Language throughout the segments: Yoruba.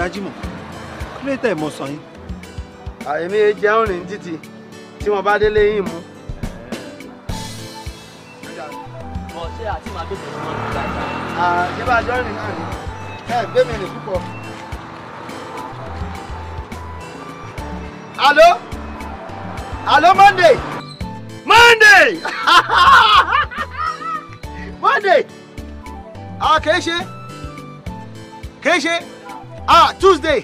Ọlájímọ̀ kí ló tẹ̀ mọ́ sọ yín. àyèmí e jẹun ní títì tí wọ́n bá délé yín mú. ṣé àti màá gbèsè fún wọn nígbà tí. àyèbá jọ́rìn náà ni ẹ gbé mi nì púpọ̀. alo alo Monday Monday Monday Ah, kìí ṣe kìí ṣe ah tuesday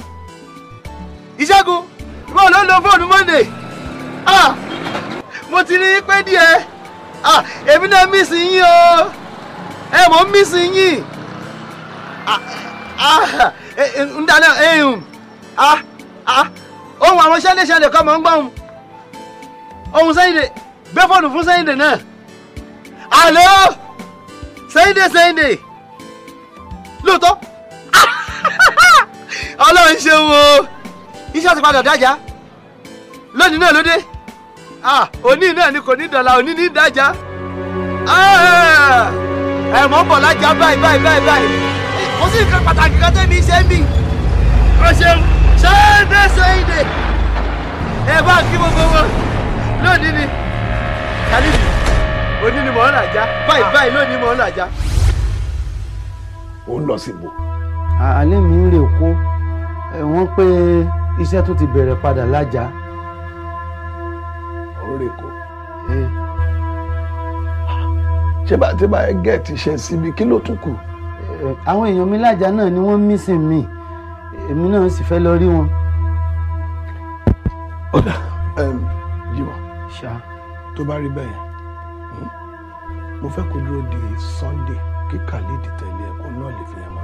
ìṣẹ́gun ìwọ ló ń lo fóònù monday ah mo ti ní pé díẹ̀ ah èmi náà mí sí yín o ẹ mọ̀ mí sí yín ah ah ń dáná ẹ̀hún ah ah ohun àwọn ṣẹlẹ̀ṣẹlẹ̀ kọ́ mọ̀ ń gbọ́n ohun sẹ́yìndé gbé fóònù fún sẹ́yìndé náà àlọ́ sẹ́yìndé sẹ́yìndé lóòótọ́ ọlọ́run ṣe wo iṣẹ́ ti padà dájà lónìí náà ló òní náà ni kò ní dọ̀là òní ní dájà ẹ mọ̀ bọ̀ lájà báyìí báyìí báyìí báyìí kò sí nǹkan pàtàkì kan tẹ́mi ṣe ń bì kò ṣeun ṣe é dé ẹ bá kí gbogbo wọn lónìí ni kàlíbi òní ni mò ń làjá báyìí ah. báyìí lónìí mò ń làjá. ó ń lọ sí ibo. àlẹ́ mi ń rè kó pé iṣẹ́ tó ti bẹ̀rẹ̀ padà lájà. ọ̀rẹ́ kò ṣé bá ti bá ẹ gẹ̀ẹ́tì ṣe síbi kí ló tún kù. àwọn èèyàn mi lájà náà ni wọ́n mí sìn mí èmi náà sì fẹ́ lọ rí wọn. ọ̀dà jìbọ̀ tó bá rí bẹ́ẹ̀ hmm, mo fẹ́ kó dúró di Sunday kí Khalid tẹ̀lé ẹ̀kọ́ náà lè fi hàn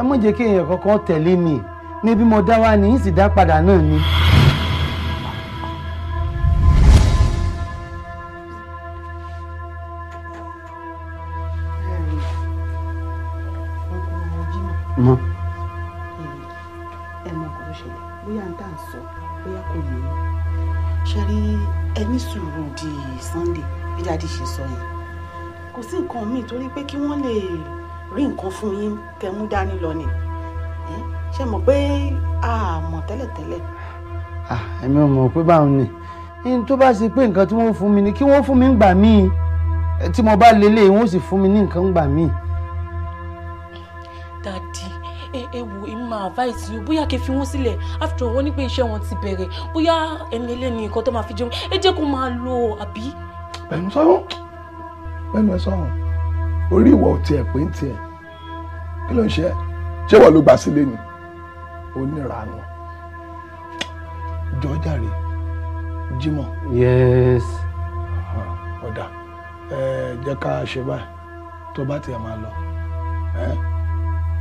ẹ má jẹ́ kí èèyàn kankan tẹ̀lé mi níbi mo dá wá ní í dá padà náà ni. mọ. ẹ mọ kò ṣẹlẹ̀ bóyá n tà ń sọ bóyá kò yé mi ṣe rí ẹni sùúrù di Sunday bí dáàdi ṣe sọ yẹn kò sí nǹkan míì torí pé kí wọ́n lè rí nǹkan fún yín tẹ mú dání lọ ni ṣe mọ̀ pé a mọ̀ tẹ́lẹ̀tẹ́lẹ̀. èmi ò mọ̀ pé báwọn ni n tó bá ṣe pé nǹkan tí wọ́n fún mi ni kí wọ́n fún mi ń gbà mí tí mo bá lélẹ̀ wọ́n sì fún mi ní nǹkan ń gbà mí. dadi ẹ wo èmi máa advice yín bóyá kẹ́ fi wọ́n sílẹ̀ after all wọ́n ní pé iṣẹ́ wọn ti bẹ̀rẹ̀ bóyá ẹ̀mí ẹlẹ́ni nǹkan tó máa fi jẹun ẹ jẹ́ kó máa lọ àbí. bẹ́ẹ̀ ni sọ́run ẹ sọ́run orí ìwọ ò tiẹ̀ pé ń tiẹ̀ kí ló ń ṣe ṣé wọ́n ló gba sílé ni onírànú jọ jàre Jímọ̀. yes. ọ̀dà ẹ jẹ́ ká ṣe báyìí tó bá tiẹ̀ máa lọ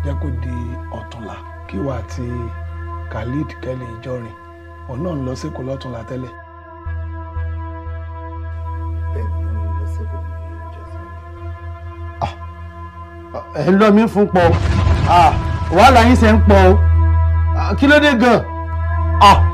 jẹ́ kó di ọ̀túnla kí wàá ti Khalid kẹ́lẹ̀ ìjọrin òun ń lọ sí kò lọ́túnla tẹ́lẹ̀. ẹ ń lọ mí fún pọ̀ ah, wàhálà yín ṣe ń pọ̀ ah, kí ló dé gan-an. Ah.